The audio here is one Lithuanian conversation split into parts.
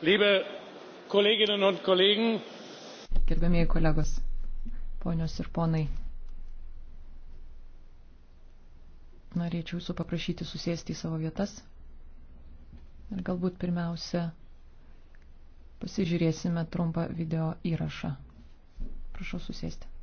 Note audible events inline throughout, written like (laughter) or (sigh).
Liebe Kolleginnen und Kollegen, Gerbėmiai kolegos, ponios ir ponai, norėčiau jūsų paprašyti susėsti į savo vietas ir galbūt pirmiausia pasižiūrėsime trumpą video įrašą. Prašau susėsti.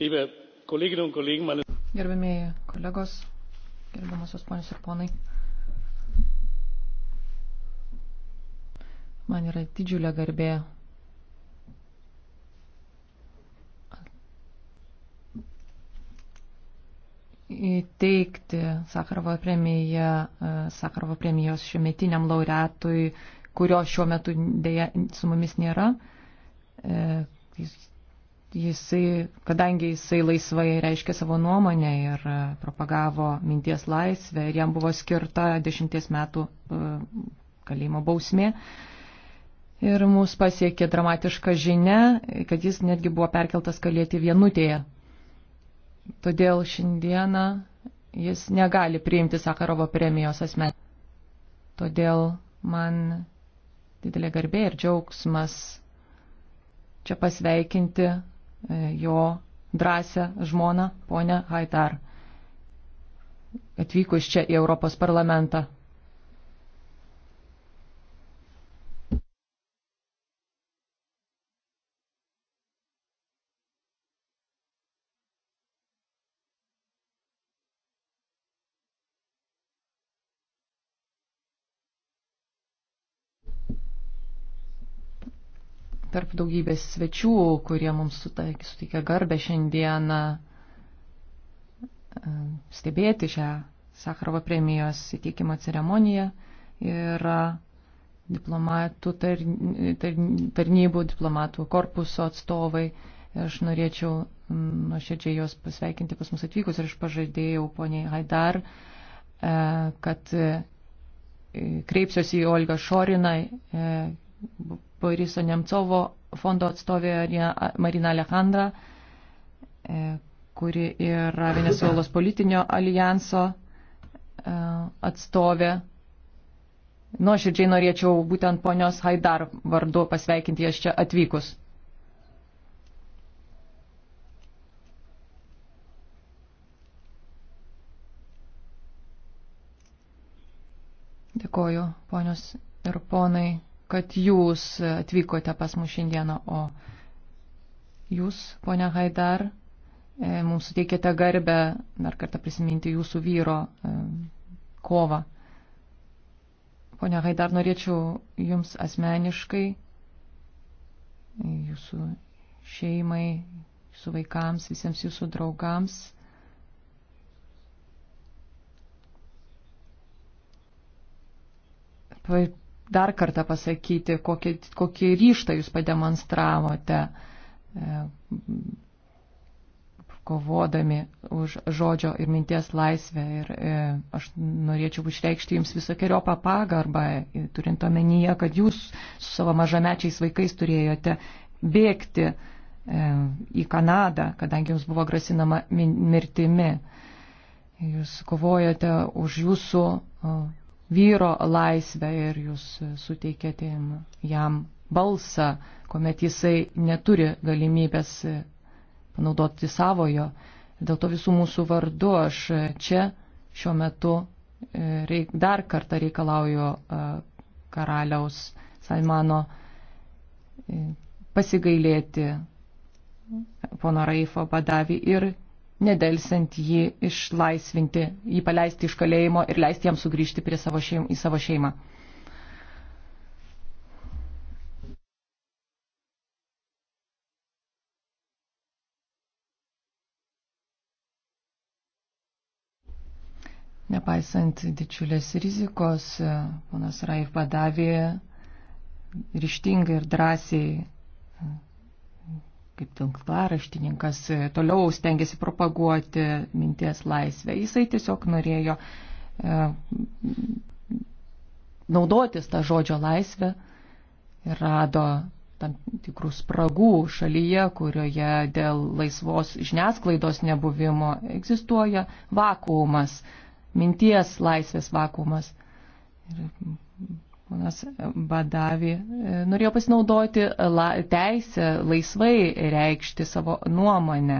Gerbėmėjai kolegos, gerbiamosios ponios ir ponai. Man yra didžiulė garbė įteikti Sakarovo premiją, e, Sakarovo premijos šiuometiniam laureatui, kurio šiuo metu dėja su mumis nėra. E, jis jisai, kadangi jisai laisvai reiškė savo nuomonę ir e, propagavo minties laisvę ir jam buvo skirta dešimties metų e, kalėjimo bausmė. Ir mus pasiekė dramatiška žinia, kad jis netgi buvo perkeltas kalėti vienutėje. Todėl šiandieną jis negali priimti Sakarovo premijos asmen. Todėl man didelė garbė ir džiaugsmas čia pasveikinti E, jo drąsią žmoną, ponę Haitar, atvykus čia į Europos parlamentą. tarp daugybės svečių, kurie mums suteikia garbę šiandieną e, stebėti šią Sakarovo premijos įteikimo ceremoniją ir diplomatų tarnybų, diplomatų korpuso atstovai. Aš norėčiau nuoširdžiai jos pasveikinti pas mus atvykus ir aš pažadėjau poniai Haidar, e, kad e, kreipsiuosi į Olgą Šoriną, Boriso Nemcovo fondo atstovė Marina Alejandra, e, kuri yra Venezuelos politinio alijanso e, atstovė. Nuoširdžiai norėčiau būtent ponios Haidar vardu pasveikinti jas čia atvykus. Dėkoju, ponios ir ponai kad jūs atvykote pas mus šiandieną, o jūs, ponia Haidar, e, mums suteikėte garbę dar kartą prisiminti jūsų vyro e, kovą. Ponia Haidar, norėčiau jums asmeniškai, jūsų šeimai, jūsų vaikams, visiems jūsų draugams dar kartą pasakyti, kokį, kokį ryštą jūs pademonstravote e, kovodami už žodžio ir minties laisvę. Ir e, aš norėčiau išreikšti jums visokiojo papagarbą, e, turint omenyje, kad jūs su savo mažamečiais vaikais turėjote bėgti e, į Kanadą, kadangi jums buvo grasinama mirtimi. Jūs kovojote už jūsų vyro laisvę ir jūs suteikėte jam balsą, kuomet jisai neturi galimybės panaudoti savojo. Dėl to visų mūsų vardu aš čia šiuo metu e, reik, dar kartą reikalauju e, karaliaus Salmano e, pasigailėti pono Raifo Badavi ir nedelsant jį išlaisvinti, jį paleisti iš kalėjimo ir leisti jam sugrįžti prie savo šeim, į savo šeimą. Nepaisant didžiulės rizikos, ponas Raif Badavė ryštingai ir drąsiai kaip tinklaraštininkas, e, toliau stengiasi propaguoti minties laisvę. Jisai tiesiog norėjo e, naudotis tą žodžio laisvę ir rado tam tikrų spragų šalyje, kurioje dėl laisvos žiniasklaidos nebuvimo egzistuoja vakuumas, minties laisvės vakuumas. Ir Ponas Badavi e, norėjo pasinaudoti la, teisę laisvai reikšti savo nuomonę.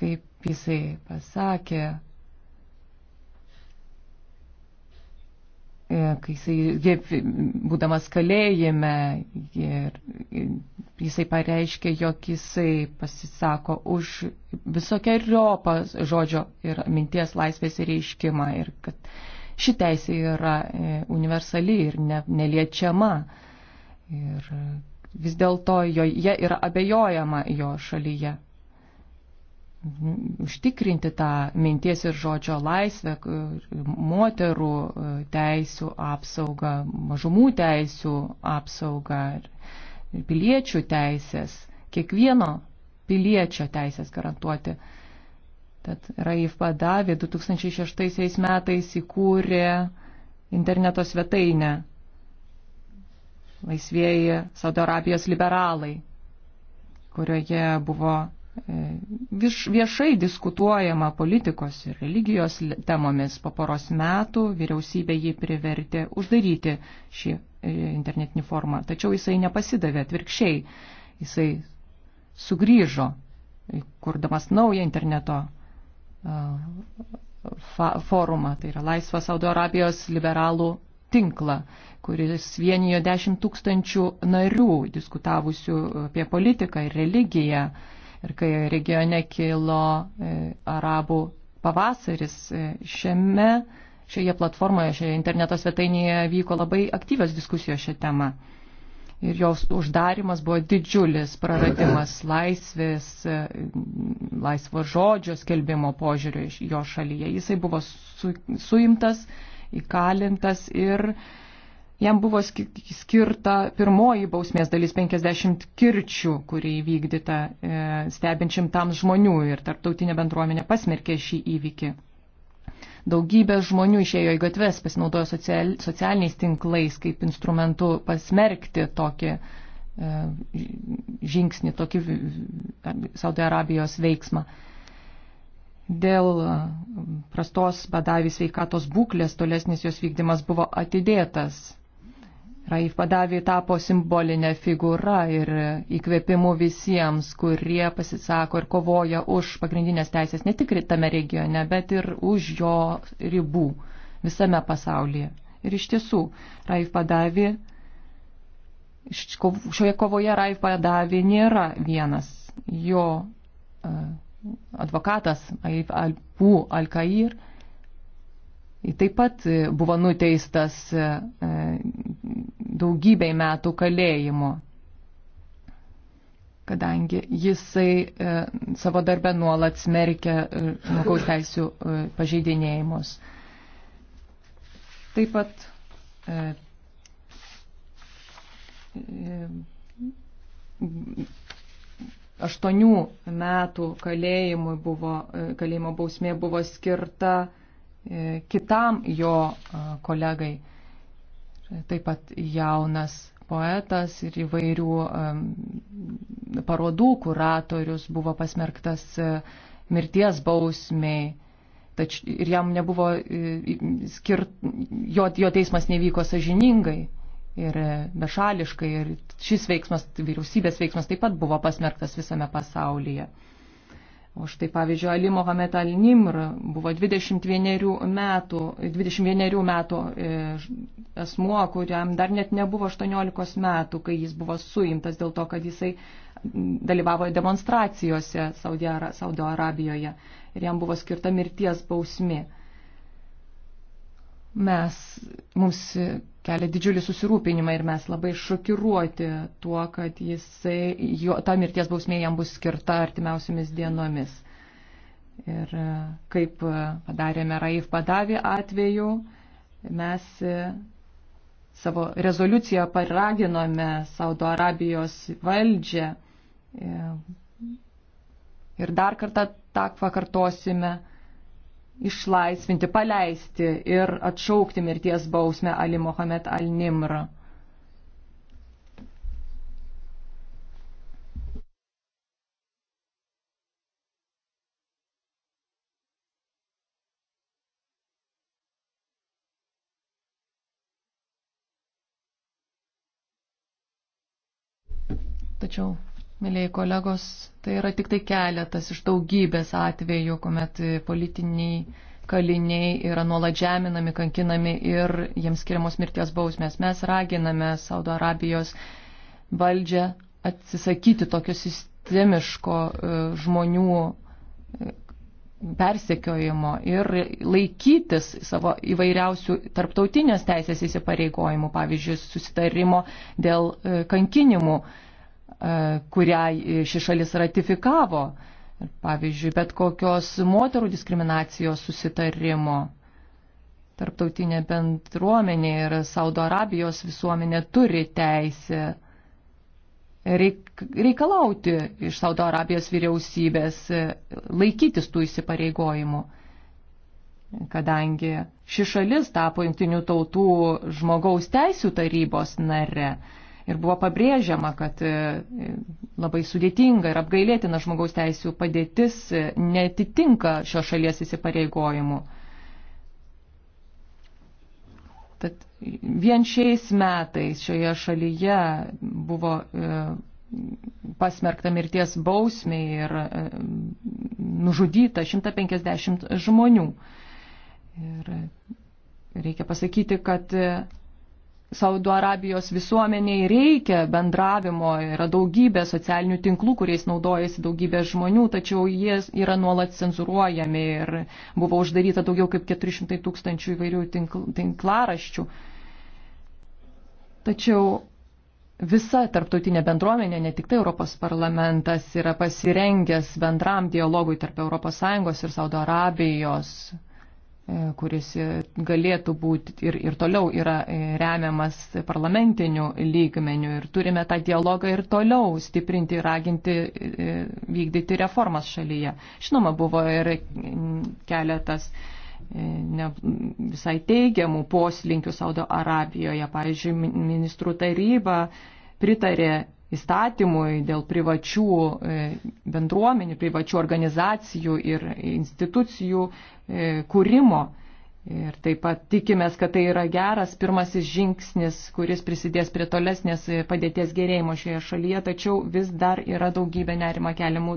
Kaip jisai pasakė, E, kai jisai, būdamas kalėjime, jisai pareiškė, jog jisai pasisako už visokiojopą žodžio ir minties laisvės įreiškimą ir kad ši teisė yra e, universali ir ne, neliečiama. Ir vis dėlto joje yra abejojama jo šalyje užtikrinti tą minties ir žodžio laisvę, moterų e, teisų apsaugą, mažumų teisų apsaugą, piliečių teisės, kiekvieno piliečio teisės garantuoti. Tad Raif Badavė 2006 metais įkūrė interneto svetainę Laisvėjai Saudo Arabijos liberalai, kurioje buvo viešai diskutuojama politikos ir religijos temomis. Po poros metų vyriausybė jį privertė uždaryti šį e, internetinį formą. Tačiau jisai nepasidavė atvirkščiai. Jisai sugrįžo, e, kurdamas naują interneto e, forumą, tai yra Laisvą Saudo Arabijos liberalų tinklą, kuris vienijo 10 tūkstančių narių diskutavusių apie politiką ir religiją ir kai regione kilo e, arabų pavasaris e, šiame, šioje platformoje, šioje interneto svetainėje vyko labai aktyvios diskusijos šią temą. Ir jos uždarimas buvo didžiulis (clears throat) praradimas laisvės, e, laisvo žodžio skelbimo požiūrio jo šalyje. Jisai buvo su, suimtas, įkalintas ir uh, Jam buvo skirta pirmoji bausmės dalis 50 kirčių, kurį įvykdyta e, stebinčiam tam žmonių ir tarptautinė bendruomenė pasmerkė šį įvykį. Daugybė žmonių išėjo į gatves, pasinaudojo social, socialiniais tinklais kaip instrumentu pasmerkti tokį e, žingsnį, tokį Saudo Arabijos veiksmą. Dėl prastos badavis veikatos būklės tolesnis jos vykdymas buvo atidėtas Raif Badavi tapo simbolinė figūra ir įkvėpimu visiems, kurie pasisako ir kovoja už pagrindinės teisės ne tik tame regione, bet ir už jo ribų visame pasaulyje. Ir iš tiesų, Raif Badavi, šioje kovoje Raif Badavi nėra vienas. Jo e, advokatas Alpų Al-Kair taip pat buvo nuteistas e, daugybei metų kalėjimo, kadangi jisai e, savo darbę nuolat smerkia e, žmogaus teisų e, pažeidinėjimus. Taip pat e, e, aštuonių metų kalėjimui buvo, e, kalėjimo bausmė buvo skirta e, kitam jo e, kolegai taip pat jaunas poetas ir įvairių um, parodų kuratorius buvo pasmerktas e, mirties bausmiai. Tač, ir jam nebuvo e, skirt, jo, jo teismas nevyko sažiningai ir e, bešališkai. Ir šis veiksmas, vyriausybės veiksmas taip pat buvo pasmerktas visame pasaulyje. O štai pavyzdžiui, Ali Mohamed Al-Nimr buvo 21 metų, 21 metų e, asmuo, kuriam dar net nebuvo 18 metų, kai jis buvo suimtas dėl to, kad jisai dalyvavo demonstracijose Saudo Arabijoje ir jam buvo skirta mirties bausmi. Mes, mums kelia didžiulį susirūpinimą ir mes labai šokiruoti tuo, kad jisai, jo, ta mirties bausmė jam bus skirta artimiausiamis dienomis. Ir e, kaip e, padarėme Raif Badavį atveju, mes e, savo rezoliuciją paraginome Saudo Arabijos valdžią ir dar kartą tą pakartosime. kartosime išlaisvinti, paleisti ir atšaukti mirties bausmę Ali Mohamed Al-Nimrą. Tačiau Mėlyi kolegos, tai yra tik tai keletas iš daugybės atvejų, kuomet politiniai kaliniai yra nuolat žeminami, kankinami ir jiems skiriamos mirties bausmės. Mes raginame Saudo Arabijos valdžią atsisakyti tokio sistemiško e, žmonių e, persekiojimo ir laikytis savo įvairiausių tarptautinės teisės įsipareigojimų, pavyzdžiui, susitarimo dėl e, kankinimų E, kurią ši šalis ratifikavo, pavyzdžiui, bet kokios moterų diskriminacijos susitarimo. Tarptautinė bendruomenė ir Saudo Arabijos visuomenė turi teisę reikalauti iš Saudo Arabijos vyriausybės laikytis tų įsipareigojimų, kadangi ši šalis tapo Junktinių tautų žmogaus teisų tarybos nare ir buvo pabrėžiama, kad e, labai sudėtinga ir apgailėtina žmogaus teisų padėtis e, netitinka šios šalies įsipareigojimų. Tad vien šiais metais šioje šalyje buvo e, pasmerkta mirties bausmė ir nužudyta 150 žmonių. Ir reikia pasakyti, kad Saudo Arabijos visuomeniai reikia bendravimo, yra daugybė socialinių tinklų, kuriais naudojasi daugybė žmonių, tačiau jie yra nuolat cenzuruojami ir buvo uždaryta daugiau kaip 400 tūkstančių įvairių tinkl, tinklaraščių. Tačiau visa tarptautinė bendruomenė, ne tik tai Europos parlamentas, yra pasirengęs bendram dialogui tarp ES ir Saudo Arabijos E, kuris e, galėtų būti ir, ir toliau yra e, remiamas parlamentiniu lygmeniu ir turime tą dialogą ir toliau stiprinti ir raginti vykdyti reformas šalyje. Žinoma, buvo ir keletas ne, visai teigiamų poslinkių Saudo Arabijoje, pavyzdžiui, ministrų taryba pritarė įstatymui, dėl privačių e, bendruomenių, privačių organizacijų ir institucijų e, kūrimo. Ir taip pat tikimės, kad tai yra geras pirmasis žingsnis, kuris prisidės prie tolesnės e, padėties gerėjimo šioje šalyje, tačiau vis dar yra daugybė nerima keliamų,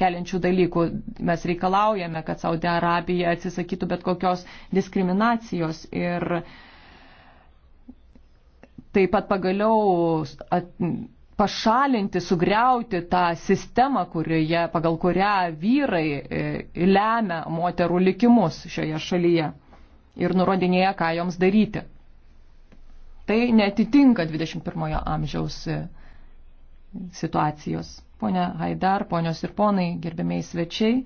keliančių dalykų. Mes reikalaujame, kad Saudė Arabija atsisakytų bet kokios diskriminacijos ir taip pat pagaliau. At, pašalinti, sugriauti tą sistemą, kurioje, pagal kurią vyrai e, lemia moterų likimus šioje šalyje ir nurodinėja, ką joms daryti. Tai netitinka 21 amžiaus e, situacijos. Pone Haidar, ponios ir ponai, gerbėmiai svečiai.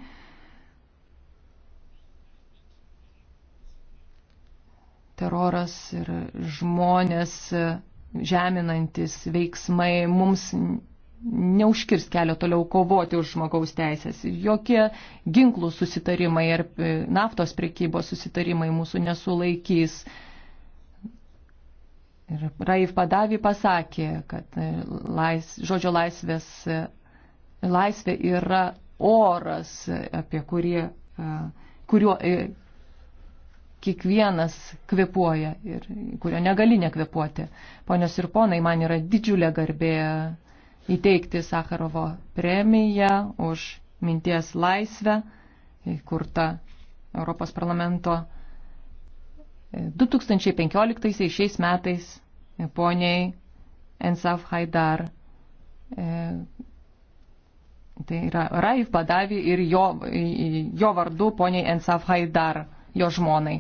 Teroras ir žmonės žeminantis veiksmai mums neužkirs kelio toliau kovoti už žmogaus teisės. Jokie ginklų susitarimai ar e, naftos priekybos susitarimai mūsų nesulaikys. Ir Raif Padavi pasakė, kad e, lais, žodžio laisvės, e, laisvė yra oras, apie kurie, kuriuo kiekvienas kvepuoja ir kurio negali nekvepuoti. Ponios ir ponai, man yra didžiulė garbė įteikti Sakarovo premiją už minties laisvę, įkurta Europos parlamento 2015 šiais metais poniai Ensaf Haidar. E, tai yra Raif Badavi ir jo, jo vardu poniai Ensaf Haidar, jo žmonai.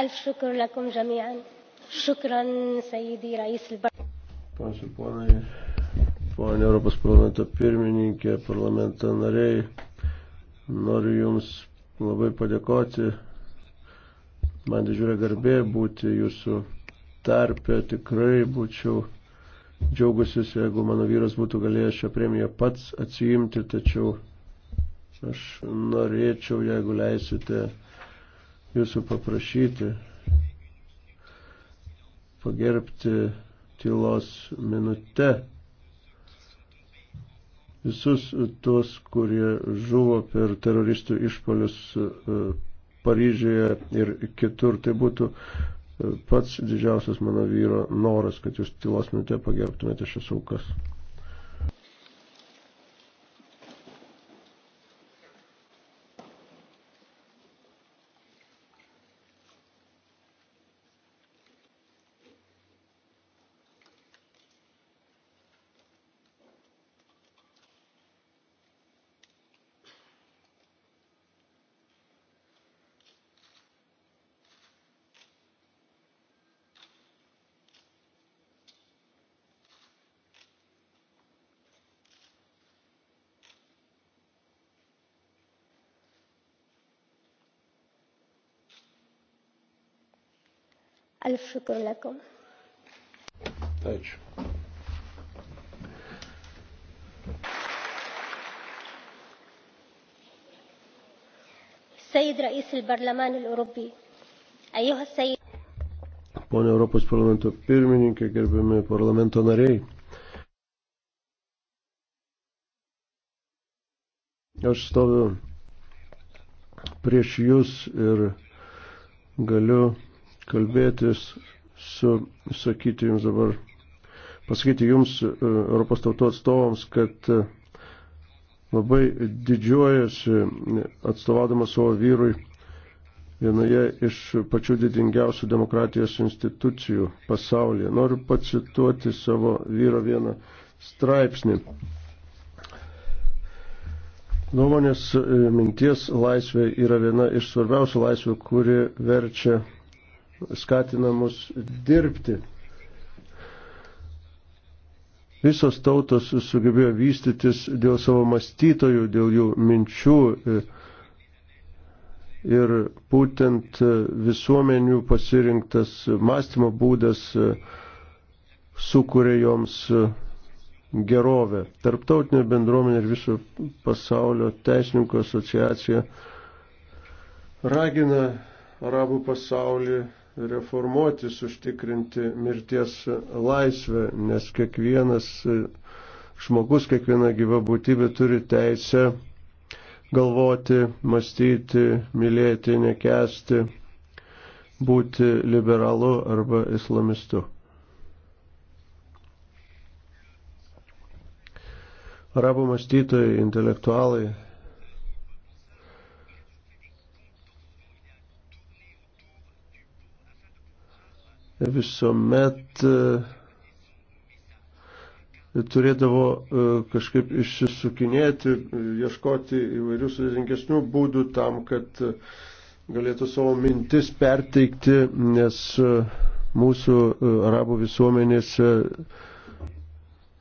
ألف شكر لكم جميعا شكرا سيدي رئيس البرلمان Pane Europos parlamento pirmininkė, parlamento nariai, noriu Jums labai padėkoti. Man didžiulė garbė būti Jūsų tarpė. Tikrai būčiau džiaugusis, jeigu mano vyras būtų galėjęs šią premiją pats atsiimti, tačiau aš norėčiau, jeigu leisite, jūsų paprašyti pagerbti tylos minute visus tuos, kurie žuvo per teroristų išpolius e, Paryžiuje ir kitur. Tai būtų e, pats didžiausias mano vyro noras, kad jūs tylos minute pagerbtumėte šias aukas. ألف شكر لكم Ačiū. السيد رئيس البرلمان الأوروبي أيها السيد Pone Europos parlamento pirmininkė, gerbiami parlamento nariai. Aš stoviu prieš jūs ir galiu kalbėtis su, sakyti jums dabar, pasakyti jums, e, Europos tautų atstovams, kad e, labai didžiuojasi e, atstovaudama savo vyrui vienoje iš pačių didingiausių demokratijos institucijų pasaulyje. Noriu pacituoti savo vyro vieną straipsnį. Nuomonės minties laisvė yra viena iš svarbiausių laisvių, kuri verčia skatina mus dirbti. Visos tautos sugebėjo vystytis dėl savo mąstytojų, dėl jų minčių ir būtent visuomenių pasirinktas mąstymo būdas sukuria joms gerovę. Tarptautinė bendruomenė ir viso pasaulio teisininkų asociacija ragina arabų pasaulį reformuotis, užtikrinti mirties laisvę, nes kiekvienas žmogus, kiekviena gyva būtybė turi teisę galvoti, mąstyti, mylėti, nekesti, būti liberalu arba islamistu. Arabų mąstytojai, intelektualai, visuomet e, turėdavo e, kažkaip išsisukinėti, e, ieškoti įvairių sudėtingesnių būdų tam, kad galėtų savo mintis perteikti, nes mūsų arabų visuomenėse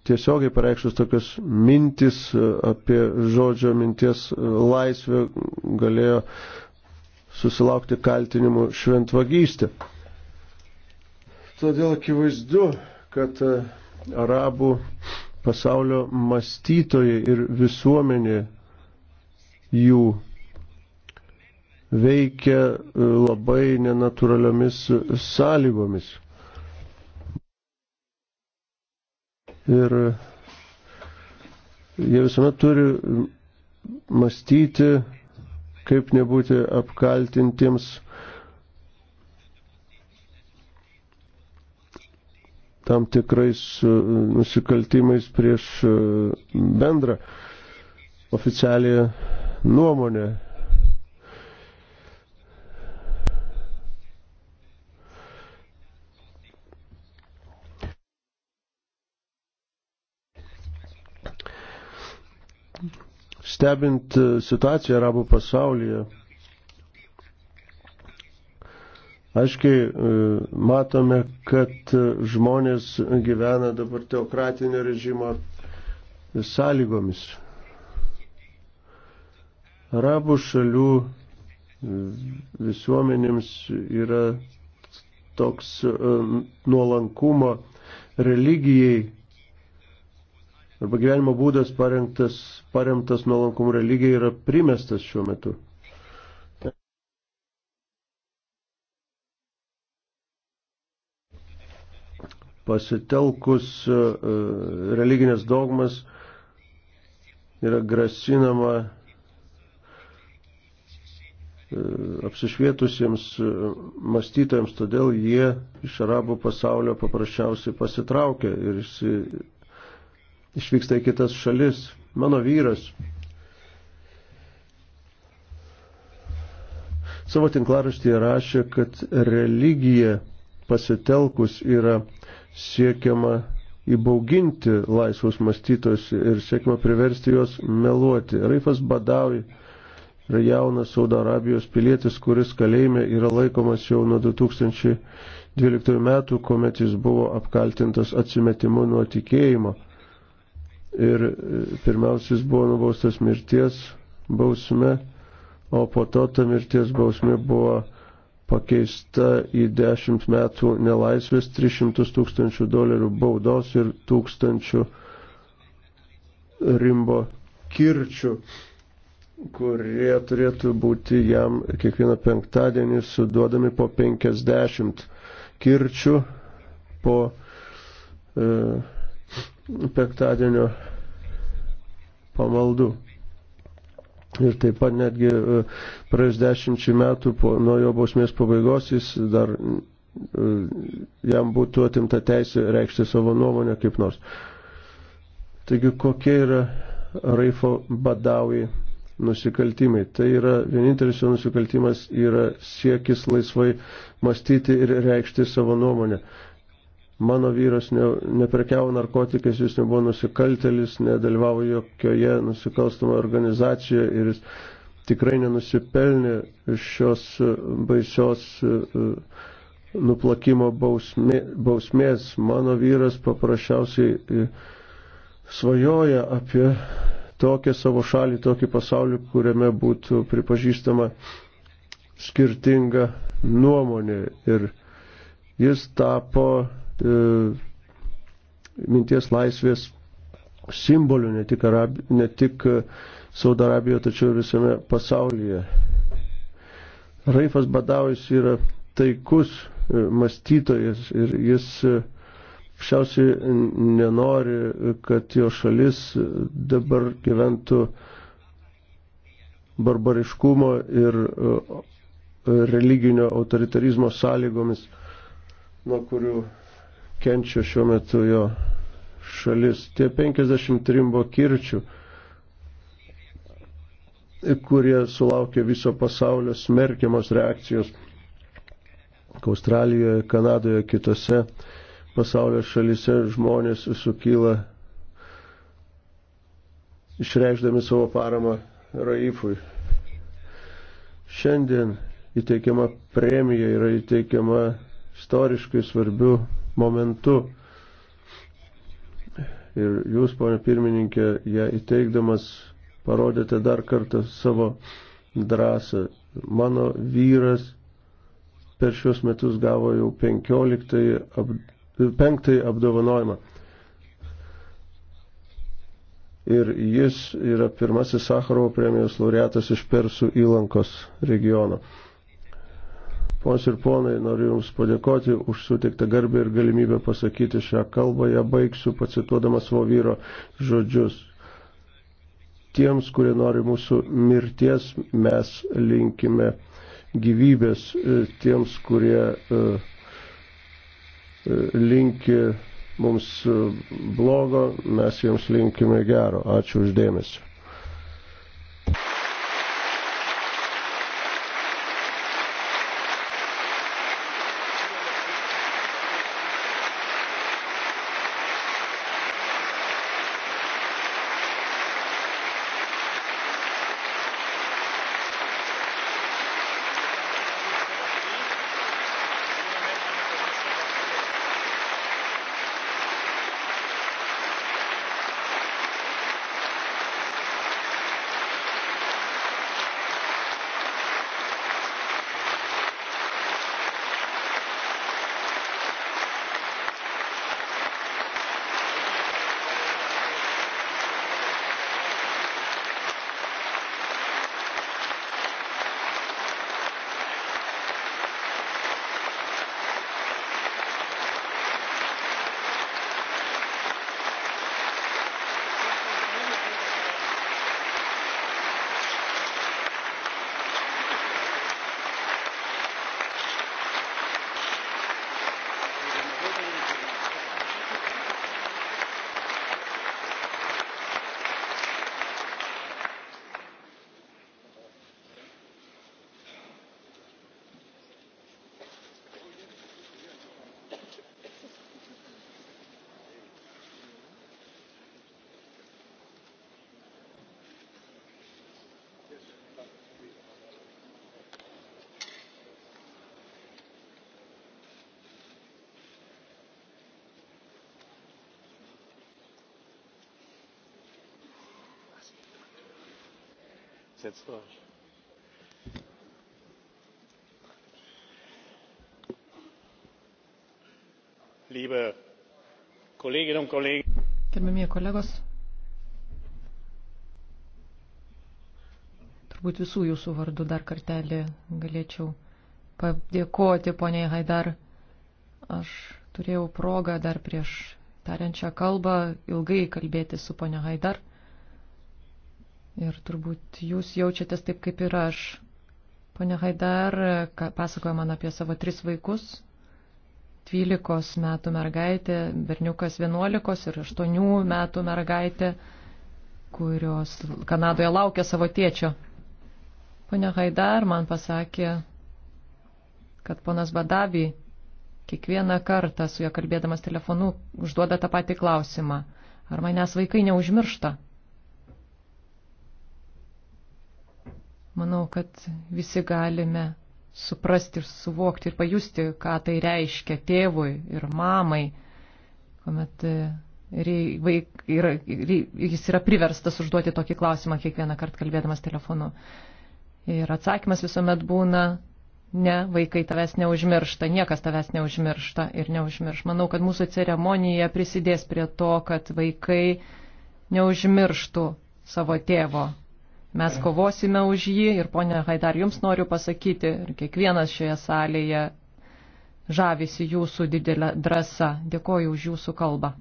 tiesiogiai pareikštus tokias mintis apie žodžio minties laisvę galėjo susilaukti kaltinimų šventvagystę. Todėl akivaizdu, kad e, arabų pasaulio mąstytojai ir visuomenė jų veikia e, labai nenaturaliomis sąlygomis. Ir e, jie visuomet turi mąstyti, kaip nebūti apkaltintiems tam tikrais e, nusikaltimais prieš e, bendrą oficialią nuomonę. Stebint e, situaciją arabų pasaulyje, Aiškiai e, matome, kad žmonės gyvena dabar teokratinio režimo sąlygomis. Arabų šalių visuomenėms yra toks e, nuolankumo religijai arba gyvenimo būdas paremtas, paremtas nuolankumu religijai yra primestas šiuo metu. pasitelkus e, e, religinės dogmas yra grasinama e, apsišvietusiems mąstytojams, todėl jie iš arabų pasaulio paprasčiausiai pasitraukia ir išvyksta į kitas šalis. Mano vyras savo tinklaraštyje rašė, kad religija pasitelkus yra siekiama įbauginti laisvus mąstytojus ir siekiama priversti juos meluoti. Raifas Badavi yra jaunas Saudo Arabijos pilietis, kuris kalėjime yra laikomas jau nuo 2012 metų, kuomet jis buvo apkaltintas atsimetimu nuo tikėjimo. Ir e, pirmiausias buvo nubaustas mirties bausme, o po to ta mirties bausmė buvo pakeista į 10 metų nelaisvės 300 tūkstančių dolerių baudos ir tūkstančių rimbo kirčių, kurie turėtų būti jam kiekvieną penktadienį suduodami po 50 kirčių po e, penktadienio pamaldų. Ir taip pat netgi e, praėjus dešimčiai metų po, nuo jo bausmės pabaigos jis dar e, jam būtų atimta teisė reikšti savo nuomonę kaip nors. Taigi kokie yra Raifo badaujai nusikaltimai. Tai yra vienintelis jo nusikaltimas yra siekis laisvai mąstyti ir reikšti savo nuomonę mano vyras ne, neprekiavo narkotikais, jis nebuvo nusikaltelis, nedalyvavo jokioje nusikalstamoje organizacijoje ir jis tikrai nenusipelnė šios baisios e, nuplakimo bausmė, bausmės. Mano vyras paprasčiausiai e, svajoja apie tokią savo šalį, tokį pasaulį, kuriame būtų pripažįstama skirtinga nuomonė. Ir jis tapo E, minties laisvės simbolių ne tik, Arabi, ne tik e, Saudo Arabijoje, tačiau ir visame pasaulyje. Raifas Badaujas yra taikus e, mąstytojas ir jis šiausiai nenori, kad jo šalis dabar gyventų barbariškumo ir religinio autoritarizmo sąlygomis, nuo kurių kenčia šiuo metu jo šalis. Tie 50 trimbo kirčių, kurie sulaukė viso pasaulio smerkiamos reakcijos Australijoje, Kanadoje, kitose pasaulio šalise žmonės sukyla išreikšdami savo paramą Raifui. Šiandien įteikiama premija yra įteikiama istoriškai svarbių momentu. Ir jūs, ponė pirmininkė, ją įteikdamas parodėte dar kartą savo drąsą. Mano vyras per šios metus gavo jau penkioliktąjį ab, penktąjį apdovanojimą. Ir jis yra pirmasis Sakarovo premijos laureatas iš Persų įlankos regiono. Pons ir ponai, noriu Jums padėkoti už suteiktą garbę ir galimybę pasakyti šią kalbą. Ja baigsiu pacituodama savo vyro žodžius. Tiems, kurie nori mūsų mirties, mes linkime gyvybės. E, tiems, kurie e, e, linki mums blogo, mes jiems linkime gero. Ačiū uždėmesi. liebe kolleginnen und kollegen! gerbiamieji kolegos turbūt visų jūsų vardu dar kartelį galėčiau padėkoti poniai haidar aš turėjau progą dar prieš tariant šią kalbą ilgai kalbėti su ponia haidar Ir turbūt jūs jaučiatės taip kaip ir aš. Pone Haidar pasakoja man apie savo tris vaikus. 12 metų mergaitė, berniukas 11 ir 8 metų mergaitė, kurios Kanadoje laukia savo tėčio. Pone Haidar man pasakė, kad ponas Badavy kiekvieną kartą su juo kalbėdamas telefonu užduoda tą patį klausimą. Ar manęs vaikai neužmiršta? Manau, kad visi galime suprasti ir suvokti ir pajusti, ką tai reiškia tėvui ir mamai, kuomet e, vaik, yra, jis yra priverstas užduoti tokį klausimą kiekvieną kartą kalbėdamas telefonu. Ir atsakymas visuomet būna, ne, vaikai tavęs neužmiršta, niekas tavęs neužmiršta ir neužmirš. Manau, kad mūsų ceremonija prisidės prie to, kad vaikai neužmirštų savo tėvo Mes kovosime už jį ir ponia Haidar, jums noriu pasakyti, ir kiekvienas šioje salėje žavisi jūsų didelę drąsą. Dėkoju už jūsų kalbą.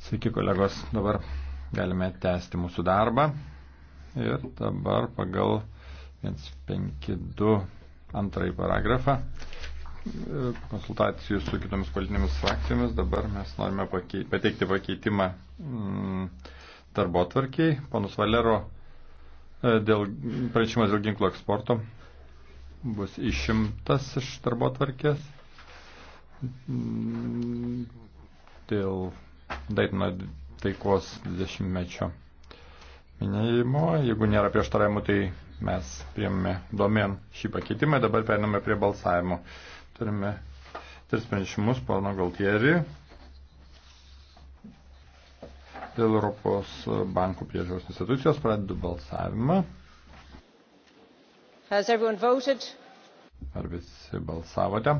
Sveiki kolegos, dabar galime tęsti mūsų darbą. Ir dabar pagal 152 antrąjį paragrafą e, konsultacijų su kitomis politinėmis frakcijomis dabar mes norime pakei, pateikti pakeitimą mm, darbo tvarkiai. Ponus Valero e, dėl pranešimas dėl ginklo eksporto bus išimtas iš darbo tvarkės dėl Daitino taikos 20-mečio minėjimo. Jeigu nėra prieštaravimų, tai mes priėmėme domen šį pakeitimą. Dabar periname prie balsavimo. Turime tris pranešimus, pono Galtieri, dėl Europos bankų priežiūros institucijos pradedu balsavimą. Ar visi balsavote?